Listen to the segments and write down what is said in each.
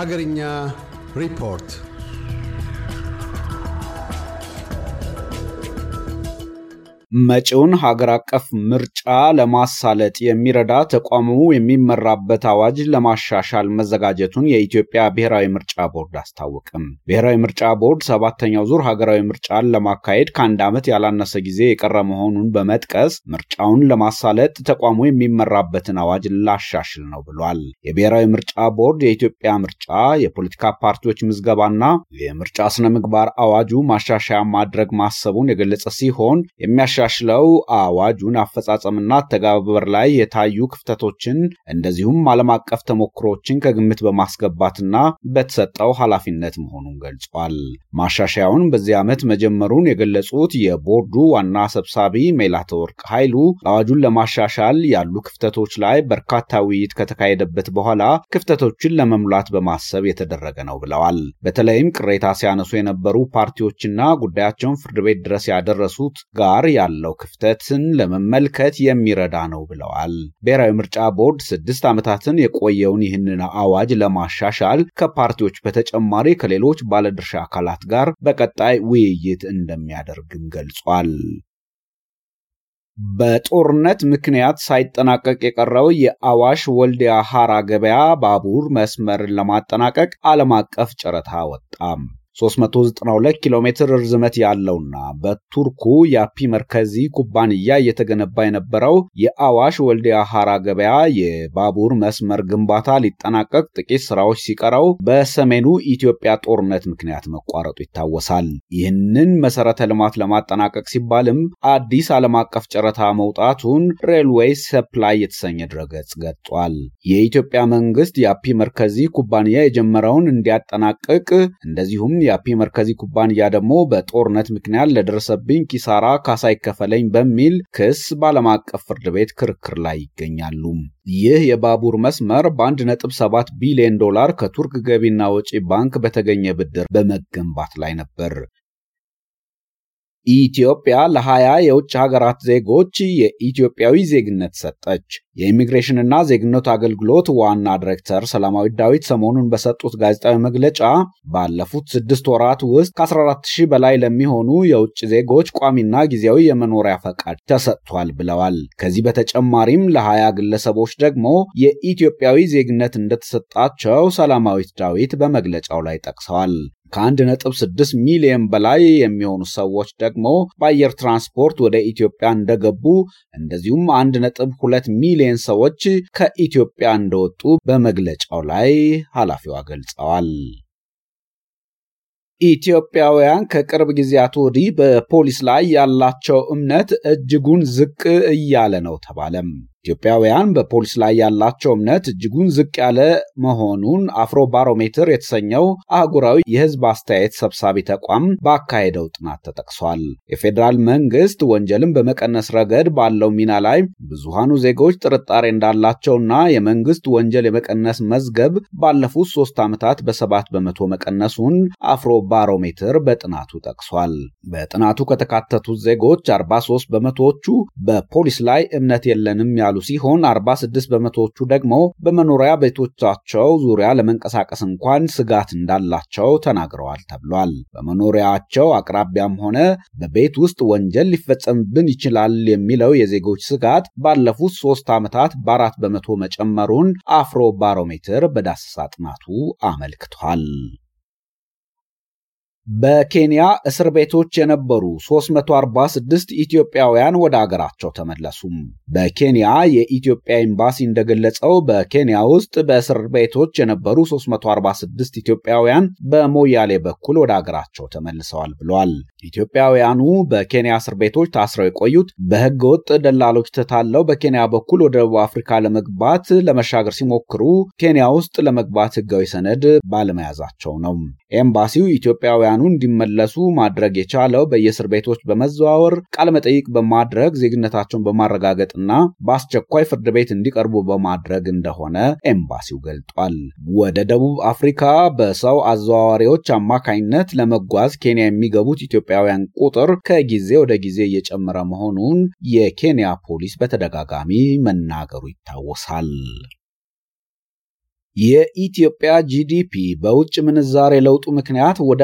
Hagarinya Report መጪውን ሀገር አቀፍ ምርጫ ለማሳለጥ የሚረዳ ተቋሙ የሚመራበት አዋጅ ለማሻሻል መዘጋጀቱን የኢትዮጵያ ብሔራዊ ምርጫ ቦርድ አስታወቅም። ብሔራዊ ምርጫ ቦርድ ሰባተኛው ዙር ሀገራዊ ምርጫን ለማካሄድ ከአንድ ዓመት ያላነሰ ጊዜ የቀረ መሆኑን በመጥቀስ ምርጫውን ለማሳለጥ ተቋሙ የሚመራበትን አዋጅ ላሻሽል ነው ብሏል። የብሔራዊ ምርጫ ቦርድ የኢትዮጵያ ምርጫ የፖለቲካ ፓርቲዎች ምዝገባና የምርጫ ስነ ምግባር አዋጁ ማሻሻያ ማድረግ ማሰቡን የገለጸ ሲሆን የሚያሻ አሻሽለው አዋጁን አፈጻጸምና አተገባበር ላይ የታዩ ክፍተቶችን እንደዚሁም ዓለም አቀፍ ተሞክሮችን ከግምት በማስገባትና በተሰጠው ኃላፊነት መሆኑን ገልጿል። ማሻሻያውን በዚህ ዓመት መጀመሩን የገለጹት የቦርዱ ዋና ሰብሳቢ ሜላተወርቅ ኃይሉ አዋጁን ለማሻሻል ያሉ ክፍተቶች ላይ በርካታ ውይይት ከተካሄደበት በኋላ ክፍተቶችን ለመሙላት በማሰብ የተደረገ ነው ብለዋል። በተለይም ቅሬታ ሲያነሱ የነበሩ ፓርቲዎችና ጉዳያቸውን ፍርድ ቤት ድረስ ያደረሱት ጋር ያለው ክፍተትን ለመመልከት የሚረዳ ነው ብለዋል። ብሔራዊ ምርጫ ቦርድ ስድስት ዓመታትን የቆየውን ይህንን አዋጅ ለማሻሻል ከፓርቲዎች በተጨማሪ ከሌሎች ባለድርሻ አካላት ጋር በቀጣይ ውይይት እንደሚያደርግም ገልጿል። በጦርነት ምክንያት ሳይጠናቀቅ የቀረው የአዋሽ ወልዲያ ሐራ ገበያ ባቡር መስመርን ለማጠናቀቅ ዓለም አቀፍ ጨረታ ወጣም። 392 ኪሎ ሜትር ርዝመት ያለውና በቱርኩ የአፒ መርከዚ ኩባንያ እየተገነባ የነበረው የአዋሽ ወልዲያ ሐራ ገበያ የባቡር መስመር ግንባታ ሊጠናቀቅ ጥቂት ስራዎች ሲቀረው በሰሜኑ ኢትዮጵያ ጦርነት ምክንያት መቋረጡ ይታወሳል። ይህንን መሰረተ ልማት ለማጠናቀቅ ሲባልም አዲስ ዓለም አቀፍ ጨረታ መውጣቱን ሬልዌይ ሰፕላይ የተሰኘ ድረገጽ ገልጿል። የኢትዮጵያ መንግስት የአፒ መርከዚ ኩባንያ የጀመረውን እንዲያጠናቅቅ እንደዚሁም የአፒ መርከዚ ኩባንያ ደግሞ በጦርነት ምክንያት ለደረሰብኝ ኪሳራ ካሳ ይከፈለኝ በሚል ክስ በዓለም አቀፍ ፍርድ ቤት ክርክር ላይ ይገኛሉ። ይህ የባቡር መስመር በ1.7 ቢሊዮን ዶላር ከቱርክ ገቢና ወጪ ባንክ በተገኘ ብድር በመገንባት ላይ ነበር። ኢትዮጵያ ለሀያ የውጭ ሀገራት ዜጎች የኢትዮጵያዊ ዜግነት ሰጠች። የኢሚግሬሽንና ዜግነት አገልግሎት ዋና ዲሬክተር ሰላማዊ ዳዊት ሰሞኑን በሰጡት ጋዜጣዊ መግለጫ ባለፉት ስድስት ወራት ውስጥ ከ14 ሺህ በላይ ለሚሆኑ የውጭ ዜጎች ቋሚና ጊዜያዊ የመኖሪያ ፈቃድ ተሰጥቷል ብለዋል። ከዚህ በተጨማሪም ለሀያ ግለሰቦች ደግሞ የኢትዮጵያዊ ዜግነት እንደተሰጣቸው ሰላማዊት ዳዊት በመግለጫው ላይ ጠቅሰዋል። ከ1.6 ሚሊዮን በላይ የሚሆኑ ሰዎች ደግሞ በአየር ትራንስፖርት ወደ ኢትዮጵያ እንደገቡ እንደዚሁም 1.2 ሚሊዮን ሰዎች ከኢትዮጵያ እንደወጡ በመግለጫው ላይ ኃላፊዋ ገልጸዋል። ኢትዮጵያውያን ከቅርብ ጊዜያት ወዲህ በፖሊስ ላይ ያላቸው እምነት እጅጉን ዝቅ እያለ ነው ተባለም። ኢትዮጵያውያን በፖሊስ ላይ ያላቸው እምነት እጅጉን ዝቅ ያለ መሆኑን አፍሮ ባሮሜትር የተሰኘው አህጉራዊ የህዝብ አስተያየት ሰብሳቢ ተቋም ባካሄደው ጥናት ተጠቅሷል። የፌዴራል መንግስት ወንጀልን በመቀነስ ረገድ ባለው ሚና ላይ ብዙሃኑ ዜጎች ጥርጣሬ እንዳላቸውና የመንግስት ወንጀል የመቀነስ መዝገብ ባለፉት ሶስት ዓመታት በሰባት በመቶ መቀነሱን አፍሮ ባሮሜትር በጥናቱ ጠቅሷል። በጥናቱ ከተካተቱት ዜጎች 43 በመቶዎቹ በፖሊስ ላይ እምነት የለንም ያሉ ሲሆን 46 በመቶዎቹ ደግሞ በመኖሪያ ቤቶቻቸው ዙሪያ ለመንቀሳቀስ እንኳን ስጋት እንዳላቸው ተናግረዋል ተብሏል። በመኖሪያቸው አቅራቢያም ሆነ በቤት ውስጥ ወንጀል ሊፈጸምብን ይችላል የሚለው የዜጎች ስጋት ባለፉት ሶስት ዓመታት በአራት በመቶ መጨመሩን አፍሮ ባሮሜትር በዳሰሳ ጥናቱ አመልክቷል። በኬንያ እስር ቤቶች የነበሩ 346 ኢትዮጵያውያን ወደ አገራቸው ተመለሱም። በኬንያ የኢትዮጵያ ኤምባሲ እንደገለጸው በኬንያ ውስጥ በእስር ቤቶች የነበሩ 346 ኢትዮጵያውያን በሞያሌ በኩል ወደ አገራቸው ተመልሰዋል ብሏል። ኢትዮጵያውያኑ በኬንያ እስር ቤቶች ታስረው የቆዩት በሕገ ወጥ ደላሎች ተታለው በኬንያ በኩል ወደ ደቡብ አፍሪካ ለመግባት ለመሻገር ሲሞክሩ ኬንያ ውስጥ ለመግባት ሕጋዊ ሰነድ ባለመያዛቸው ነው። ኤምባሲው ኢትዮጵያውያን ኢትዮጵያውያኑ እንዲመለሱ ማድረግ የቻለው በየእስር ቤቶች በመዘዋወር መጠይቅ በማድረግ ዜግነታቸውን በማረጋገጥና በአስቸኳይ ፍርድ ቤት እንዲቀርቡ በማድረግ እንደሆነ ኤምባሲው ገልጧል። ወደ ደቡብ አፍሪካ በሰው አዘዋዋሪዎች አማካኝነት ለመጓዝ ኬንያ የሚገቡት ኢትዮጵያውያን ቁጥር ከጊዜ ወደ ጊዜ እየጨመረ መሆኑን የኬንያ ፖሊስ በተደጋጋሚ መናገሩ ይታወሳል። የኢትዮጵያ ጂዲፒ በውጭ ምንዛሬ ለውጡ ምክንያት ወደ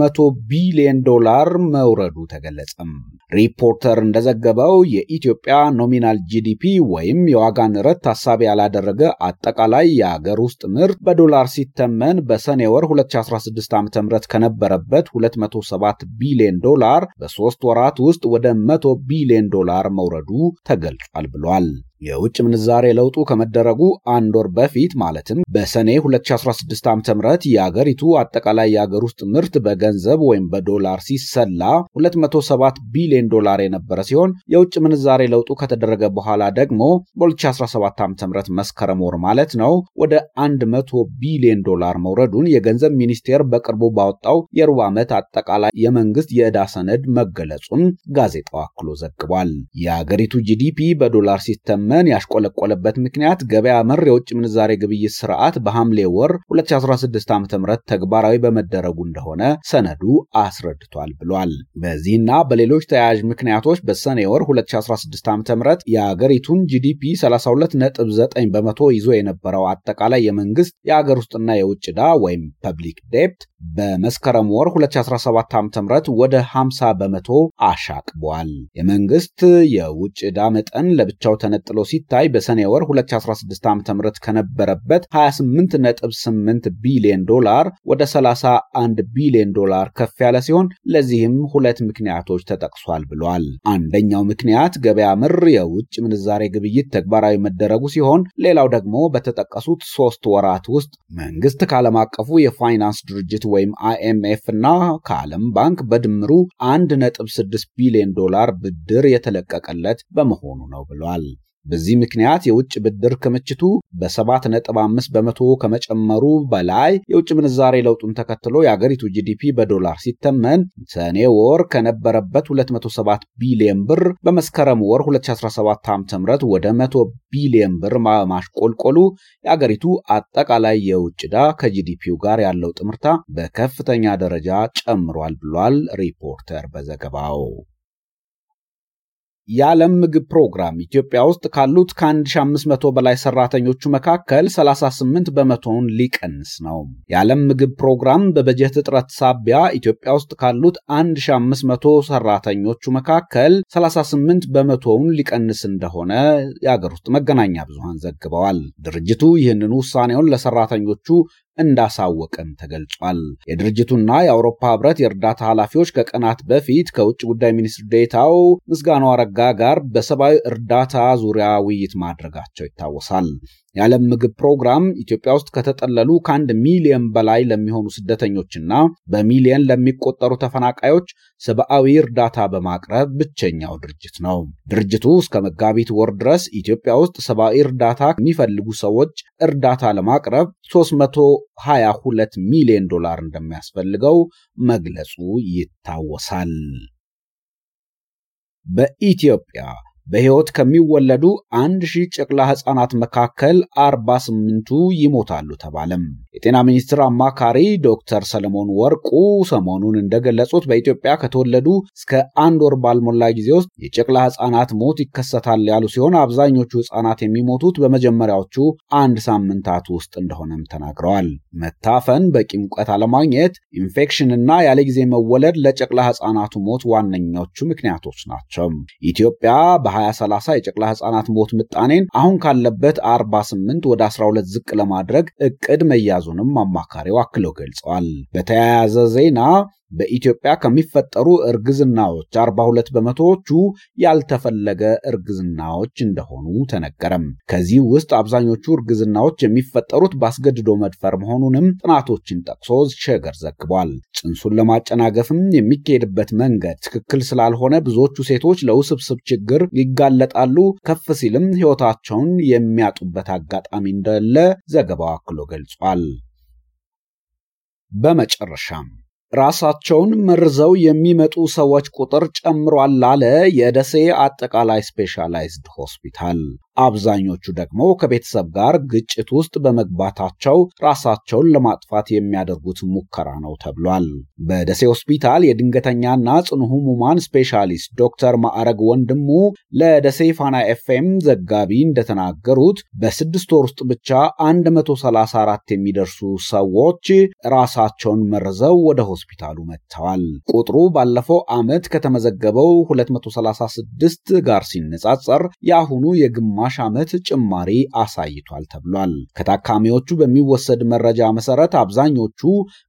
100 ቢሊዮን ዶላር መውረዱ ተገለጸም። ሪፖርተር እንደዘገበው የኢትዮጵያ ኖሚናል ጂዲፒ ወይም የዋጋ ንረት ታሳቢ ያላደረገ አጠቃላይ የአገር ውስጥ ምርት በዶላር ሲተመን በሰኔ ወር 2016 ዓ ም ከነበረበት 207 ቢሊዮን ዶላር በሶስት ወራት ውስጥ ወደ 100 ቢሊዮን ዶላር መውረዱ ተገልጿል ብሏል። የውጭ ምንዛሬ ለውጡ ከመደረጉ አንድ ወር በፊት ማለትም በሰኔ 2016 ዓ ም የአገሪቱ አጠቃላይ የአገር ውስጥ ምርት በገንዘብ ወይም በዶላር ሲሰላ 207 ቢሊዮን ዶላር የነበረ ሲሆን የውጭ ምንዛሬ ለውጡ ከተደረገ በኋላ ደግሞ በ2017 ዓ ም መስከረም ወር ማለት ነው ወደ 100 ቢሊዮን ዶላር መውረዱን የገንዘብ ሚኒስቴር በቅርቡ ባወጣው የሩብ ዓመት አጠቃላይ የመንግስት የዕዳ ሰነድ መገለጹን ጋዜጣው አክሎ ዘግቧል። የአገሪቱ ጂዲፒ በዶላር ሲስተም መተመን ያሽቆለቆለበት ምክንያት ገበያ መር የውጭ ምንዛሬ ግብይት ስርዓት በሐምሌ ወር 2016 ዓ ም ተግባራዊ በመደረጉ እንደሆነ ሰነዱ አስረድቷል ብሏል። በዚህና በሌሎች ተያያዥ ምክንያቶች በሰኔ ወር 2016 ዓ ም የአገሪቱን ጂዲፒ 32.9 በመቶ ይዞ የነበረው አጠቃላይ የመንግስት የአገር ውስጥና የውጭ ዕዳ ወይም ፐብሊክ ዴፕት በመስከረም ወር 2017 ዓ ም ወደ 50 በመቶ አሻቅቧል። የመንግስት የውጭ ዕዳ መጠን ለብቻው ተነጥሎ ተነጥሎ ሲታይ በሰኔ ወር 2016 ዓ.ም ከነበረበት 28.8 ቢሊዮን ዶላር ወደ 31 ቢሊዮን ዶላር ከፍ ያለ ሲሆን ለዚህም ሁለት ምክንያቶች ተጠቅሷል ብሏል። አንደኛው ምክንያት ገበያ ምር የውጭ ምንዛሬ ግብይት ተግባራዊ መደረጉ ሲሆን ሌላው ደግሞ በተጠቀሱት ሶስት ወራት ውስጥ መንግስት ከዓለም አቀፉ የፋይናንስ ድርጅት ወይም አይኤምኤፍ እና ከዓለም ባንክ በድምሩ 1.6 ቢሊዮን ዶላር ብድር የተለቀቀለት በመሆኑ ነው ብሏል። በዚህ ምክንያት የውጭ ብድር ክምችቱ በ7.5 በመቶ ከመጨመሩ በላይ የውጭ ምንዛሬ ለውጡን ተከትሎ የአገሪቱ ጂዲፒ በዶላር ሲተመን ሰኔ ወር ከነበረበት 207 ቢሊዮን ብር በመስከረም ወር 2017 ዓ.ም ወደ 100 ቢሊዮን ብር ማሽቆልቆሉ የአገሪቱ አጠቃላይ የውጭ ዕዳ ከጂዲፒው ጋር ያለው ጥምርታ በከፍተኛ ደረጃ ጨምሯል ብሏል ሪፖርተር በዘገባው። የዓለም ምግብ ፕሮግራም ኢትዮጵያ ውስጥ ካሉት ከ1500 በላይ ሰራተኞቹ መካከል 38 በመቶውን ሊቀንስ ነው። የዓለም ምግብ ፕሮግራም በበጀት እጥረት ሳቢያ ኢትዮጵያ ውስጥ ካሉት 1500 ሰራተኞቹ መካከል 38 በመቶውን ሊቀንስ እንደሆነ የአገር ውስጥ መገናኛ ብዙሃን ዘግበዋል። ድርጅቱ ይህንን ውሳኔውን ለሰራተኞቹ እንዳሳወቀም ተገልጿል። የድርጅቱና የአውሮፓ ህብረት የእርዳታ ኃላፊዎች ከቀናት በፊት ከውጭ ጉዳይ ሚኒስትር ዴታው ምስጋናው አረጋ ጋር በሰብአዊ እርዳታ ዙሪያ ውይይት ማድረጋቸው ይታወሳል። የዓለም ምግብ ፕሮግራም ኢትዮጵያ ውስጥ ከተጠለሉ ከአንድ ሚሊዮን በላይ ለሚሆኑ ስደተኞችና በሚሊዮን ለሚቆጠሩ ተፈናቃዮች ሰብአዊ እርዳታ በማቅረብ ብቸኛው ድርጅት ነው። ድርጅቱ እስከ መጋቢት ወር ድረስ ኢትዮጵያ ውስጥ ሰብአዊ እርዳታ የሚፈልጉ ሰዎች እርዳታ ለማቅረብ 322 ሚሊዮን ዶላር እንደሚያስፈልገው መግለጹ ይታወሳል። በኢትዮጵያ በሕይወት ከሚወለዱ አንድ ሺህ ጨቅላ ሕፃናት መካከል 48ቱ ይሞታሉ ተባለም። የጤና ሚኒስትር አማካሪ ዶክተር ሰለሞን ወርቁ ሰሞኑን እንደገለጹት በኢትዮጵያ ከተወለዱ እስከ አንድ ወር ባልሞላ ጊዜ ውስጥ የጨቅላ ሕፃናት ሞት ይከሰታል ያሉ ሲሆን አብዛኞቹ ሕፃናት የሚሞቱት በመጀመሪያዎቹ አንድ ሳምንታት ውስጥ እንደሆነም ተናግረዋል። መታፈን፣ በቂ ሙቀት አለማግኘት፣ እና ያለ ጊዜ መወለድ ለጨቅላ ሕፃናቱ ሞት ዋነኞቹ ምክንያቶች ናቸው። ኢትዮጵያ 2030 የጨቅላ ህጻናት ሞት ምጣኔን አሁን ካለበት 48 ወደ 12 ዝቅ ለማድረግ እቅድ መያዙንም አማካሪው አክለው ገልጸዋል። በተያያዘ ዜና በኢትዮጵያ ከሚፈጠሩ እርግዝናዎች 42 በመቶዎቹ ያልተፈለገ እርግዝናዎች እንደሆኑ ተነገረም። ከዚህ ውስጥ አብዛኞቹ እርግዝናዎች የሚፈጠሩት በአስገድዶ መድፈር መሆኑንም ጥናቶችን ጠቅሶ ሸገር ዘግቧል። ጽንሱን ለማጨናገፍም የሚካሄድበት መንገድ ትክክል ስላልሆነ ብዙዎቹ ሴቶች ለውስብስብ ችግር ይጋለጣሉ፣ ከፍ ሲልም ሕይወታቸውን የሚያጡበት አጋጣሚ እንዳለ ዘገባው አክሎ ገልጿል። በመጨረሻም ራሳቸውን መርዘው የሚመጡ ሰዎች ቁጥር ጨምሯል አለ የደሴ አጠቃላይ ስፔሻላይዝድ ሆስፒታል። አብዛኞቹ ደግሞ ከቤተሰብ ጋር ግጭት ውስጥ በመግባታቸው ራሳቸውን ለማጥፋት የሚያደርጉት ሙከራ ነው ተብሏል። በደሴ ሆስፒታል የድንገተኛና ጽኑ ህሙማን ስፔሻሊስት ዶክተር ማዕረግ ወንድሙ ለደሴ ፋና ኤፍኤም ዘጋቢ እንደተናገሩት በስድስት ወር ውስጥ ብቻ 134 የሚደርሱ ሰዎች ራሳቸውን መርዘው ወደ ሆስፒታሉ መጥተዋል። ቁጥሩ ባለፈው ዓመት ከተመዘገበው 236 ጋር ሲነጻጸር የአሁኑ የግማ ከግማሽ ዓመት ጭማሪ አሳይቷል ተብሏል። ከታካሚዎቹ በሚወሰድ መረጃ መሰረት አብዛኞቹ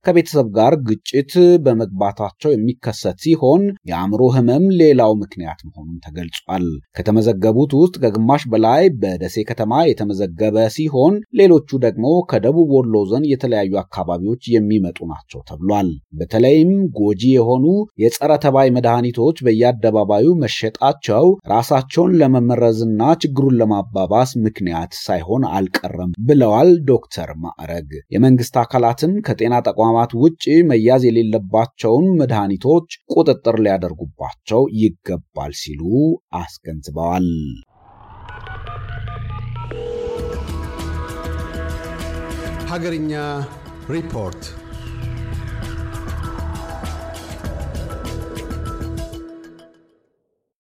ከቤተሰብ ጋር ግጭት በመግባታቸው የሚከሰት ሲሆን የአእምሮ ህመም ሌላው ምክንያት መሆኑን ተገልጿል። ከተመዘገቡት ውስጥ ከግማሽ በላይ በደሴ ከተማ የተመዘገበ ሲሆን ሌሎቹ ደግሞ ከደቡብ ወሎ ዞን የተለያዩ አካባቢዎች የሚመጡ ናቸው ተብሏል። በተለይም ጎጂ የሆኑ የጸረ ተባይ መድኃኒቶች በየአደባባዩ መሸጣቸው ራሳቸውን ለመመረዝና ችግሩን ለማባባስ ምክንያት ሳይሆን አልቀረም ብለዋል ዶክተር ማዕረግ። የመንግስት አካላትም ከጤና ተቋማት ውጭ መያዝ የሌለባቸውን መድኃኒቶች ቁጥጥር ሊያደርጉባቸው ይገባል ሲሉ አስገንዝበዋል። ሀገርኛ ሪፖርት